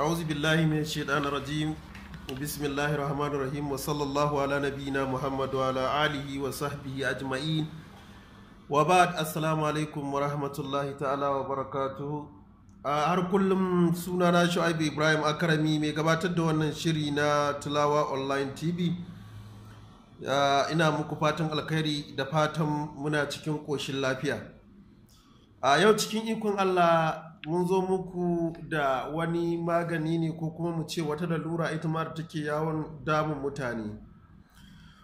أعوذ بالله من الشيطان الرجيم بسم الله الرحمن الرحيم وصلى الله على نبينا محمد وعلى آله وصحبه أجمعين وبعد السلام عليكم ورحمة الله تعالى وبركاته har kullum sunana shu'aibu ibrahim akarami mai gabatar da wannan shiri na tilawa online tv ina muku fatan alkhairi da fatan muna cikin ƙoshin lafiya a yau cikin ikon allah mun zo muku da wani magani ne ko kuma mu ce wata lalura ita ma da take yawon damun mutane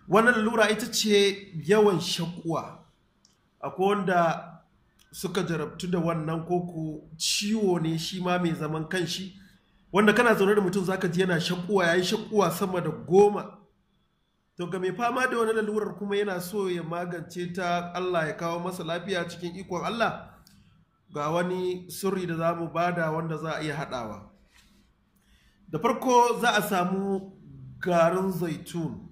wannan lalura ita ce yawan shakuwa akwai wanda suka jarabtu da wannan koko ciwo ne shi ma mai zaman kanshi wanda kana zaune da mutum zaka ji yana shakuwa yi shakuwa sama da goma to ga mai fama da wani lalurar kuma yana so ya magance ta Allah ya kawo masa lafiya cikin ikon Allah ga wani sirri da za mu bada wanda za a iya haɗawa da farko za a samu garin zaitun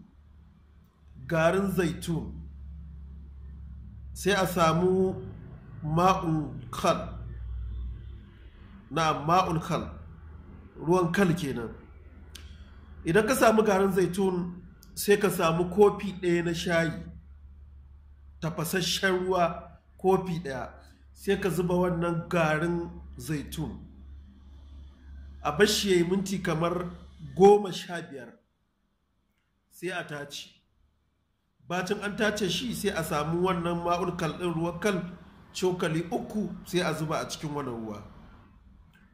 garin zaitun sai a samu ma'un kal na ma'un kal ruwan kal kenan idan ka samu garin zaitun sai ka samu kofi ɗaya na shayi tafasasshen ruwa kofi ɗaya sai ka zuba wannan garin zaitun a bashi ya yi minti kamar goma sha biyar sai a tace bacin an tace shi sai a samu wannan ma'ul ɗin ruwa kal cokali uku sai a zuba a cikin wannan ruwa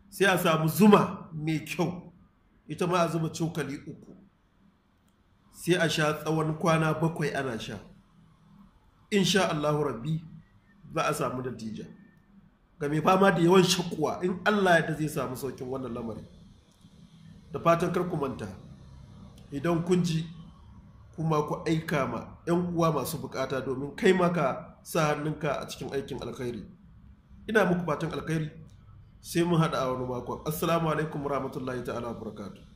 sai a samu zuma mai kyau ita ma a zuba cokali uku sai a sha tsawon kwana bakwai ana sha insha Allahu rabbi za a samu dattija. ga mai fama da yawan shakuwa in Allah ya zai samu saukin wannan lamari da fatan kar ku manta idan kun ji kuma ku aika ma 'yan uwa masu bukata domin kai maka sa hannunka a cikin aikin alkhairi ina muku fatan alkhairi sai mun haɗa a wani makon assalamu alaikum rahmatullahi ta'ala wa barakatuh